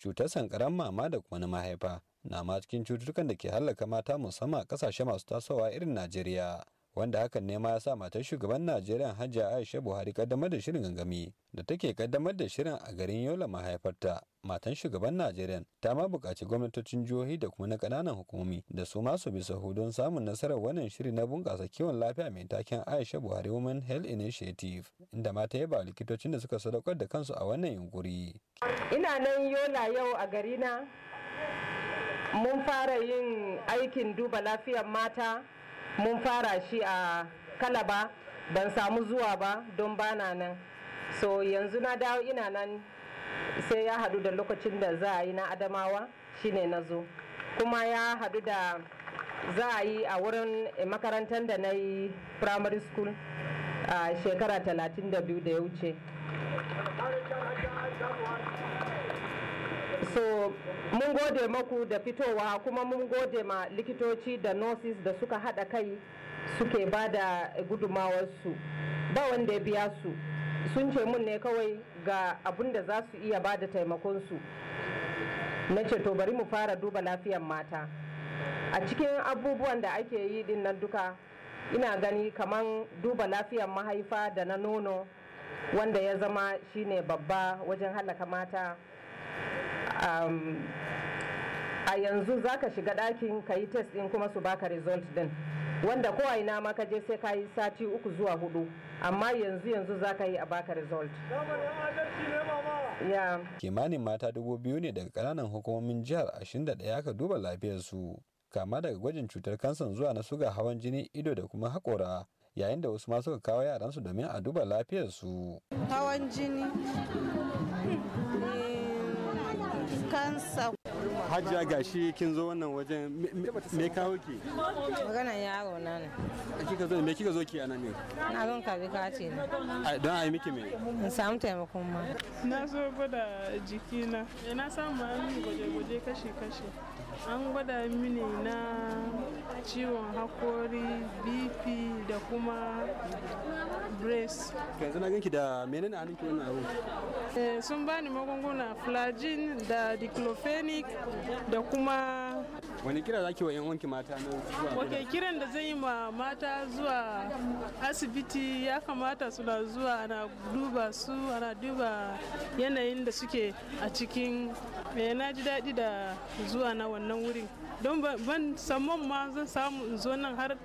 cutar sankaran mama da kuma na mahaifa na ma cikin cututtukan da ke hallaka mata musamman a kasashe masu tasowa irin najeriya wanda hakan ne ma ya sa matar shugaban Najeriya Hajiya Aisha Buhari kaddamar da shirin gangami da take kaddamar da shirin a garin Yola mahaifarta. Matan shugaban Najeriya ta ma buƙaci gwamnatocin jihohi da kuma na ƙananan hukumomi da su masu bi sahu don samun nasarar wannan shiri na bunƙasa kiwon lafiya mai taken Aisha Buhari Women Health Initiative inda mata yaba likitocin da suka sadaukar da kansu a wannan yunkuri. Ina nan Yola yau a garina mun fara yin aikin duba lafiyar mata mun fara shi a kalaba ban samu zuwa ba don bana nan so yanzu na dawo ina nan sai ya hadu da lokacin da za a yi na adamawa shine na zo kuma ya hadu da za a yi a wurin makarantar da na yi primary school a shekara 32 da ya wuce so mun gode maku da fitowa kuma mun gode ma likitoci da nurses da suka hada kai suke ba da gudumawarsu ba wanda ya biya su sun ce mun ne kawai ga abin da za su iya ba da taimakonsu na ce to bari mu fara duba lafiyan mata a cikin abubuwan da ake yi din nan duka ina gani kaman duba lafiyan mahaifa da na nono wanda ya zama shine babba wajen halaka mata Um, a yanzu za ka shiga ɗakin ka yi test ɗin kuma su baka result ɗin wanda ko aina ma ka je sai ka yi sati uku zuwa hudu amma yanzu yanzu za ka yi a baka result kimanin mata dubu biyu ne daga kananan hukumomin jihar da 21 aka duba lafiyarsu kama daga gwajin cutar kansan zuwa na suga hawan jini ido da kuma haƙora yayin da wasu ma suka kawo yaransu domin a duba lafiyarsu hawan jini kansa hajjiya gashi kin zo wannan wajen me kawo ki magana yaro na ne kika zo me kika zo ki anan ne na zo ka bika ce ne don a yi miki me in samu taimakon ma na zo gwada jikina na samu an gwaje-gwaje kashi-kashi an gwada mini na ciwon hakori bp da kuma breast. yanzu na ganki da menene a hannunki wannan abu eh, sun bani magunguna flagin da diclofenic da kuma wani kira za ki wa 'yan wanki mata na zuwa ok kiran da zan yi ma mata zuwa asibiti ya kamata suna zuwa ana duba su ana duba yanayin da suke a cikin na ji daɗi da zuwa na wannan wurin don ban saman ma zan samu in zo nan har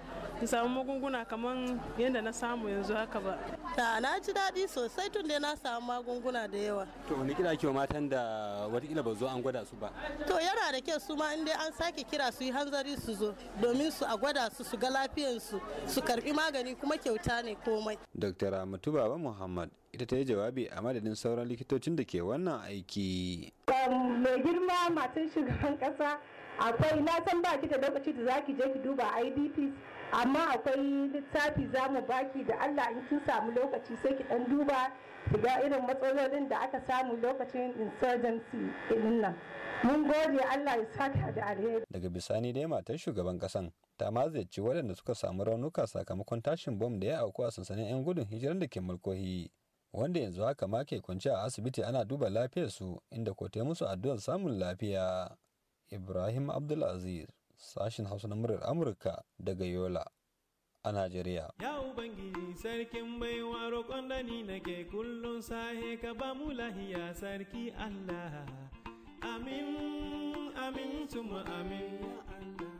in samu magunguna kamar yadda na samu yanzu haka ba ta na ji daɗi sosai tun da na samu magunguna da yawa to wani kira ke matan da watakila ba zo an gwada su ba to yana da kyau su ma in dai an sake kira su yi hanzari su zo domin su a gwada su su ga lafiyansu su karbi magani kuma kyauta ne komai. Dr. Ramatu Baba Muhammad ita ta yi jawabi a madadin sauran likitocin da ke wannan aiki. Mai girma matan shugaban kasa akwai na san ba ki da lokaci da zaki je ki duba idps amma akwai littafi za mu baki da allah in kin samu lokaci sai ki dan duba ki ga irin matsalolin da aka samu lokacin insurgency ɗin nan mun gode allah ya saka da alheri daga bisani dai matar shugaban kasan ta mazaici waɗanda suka samu raunuka sakamakon tashin bom da ya auku a sansanin 'yan gudun hijiran da ke mulkohi wanda yanzu haka ma ke kwance a asibiti ana duba lafiyarsu inda ko musu addu'ar samun lafiya Ibrahim Abdulaziz, sashin Hausa na muryar Amurka daga Yola. a Najeriya. Ya Ubangiji sarkin baiwa roƙon da ni nake kullum sahe ka ba mu lahiya sarki Allah. Amin, amin, tuma amin, ya Allah.